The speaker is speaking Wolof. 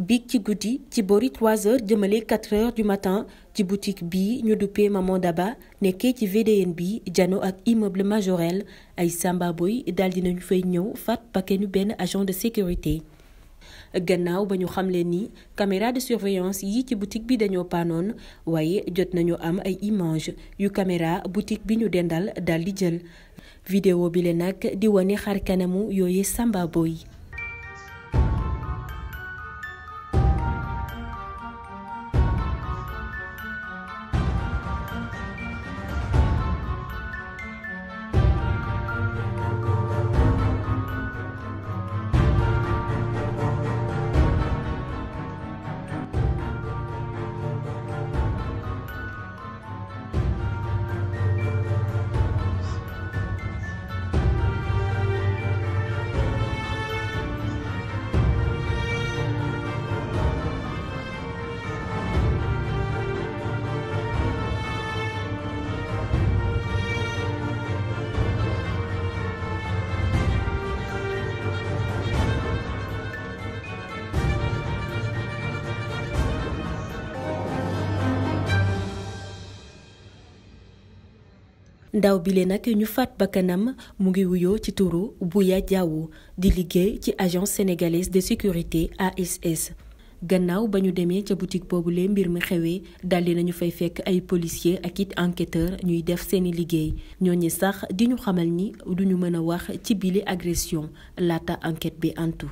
Biki Goudi Tibori 3 h Djemele 4 h du matin ci boutique Bi, ñu Maman Daba n'eké ci bi jano ak immeuble Majorel ay Samba Boy daal dinañu fay ñëw agent de sécurité gannaaw bañu hamleni caméra de surveillance yi ci boutique bi dañoo panon waye jot nañu am ay image yu caméra boutique bi ñu dendal dal jël vidéo bi di Samba Boy ndaw bile nak ñu fat bakanam mu ngi wuyoo ci turu Bouya Diawo di liggéey ci agence sénégalaise de sécurité ASS gannaaw ba ñu demee ca boutique boobule mbir mi xewee daldi nañu fay fekk ay policiers ak it enquêteurs ñuy def seeni liggéey ñi sax di ñu xamal ni duñu mën a wax ci bile agression laata enquête bi antu.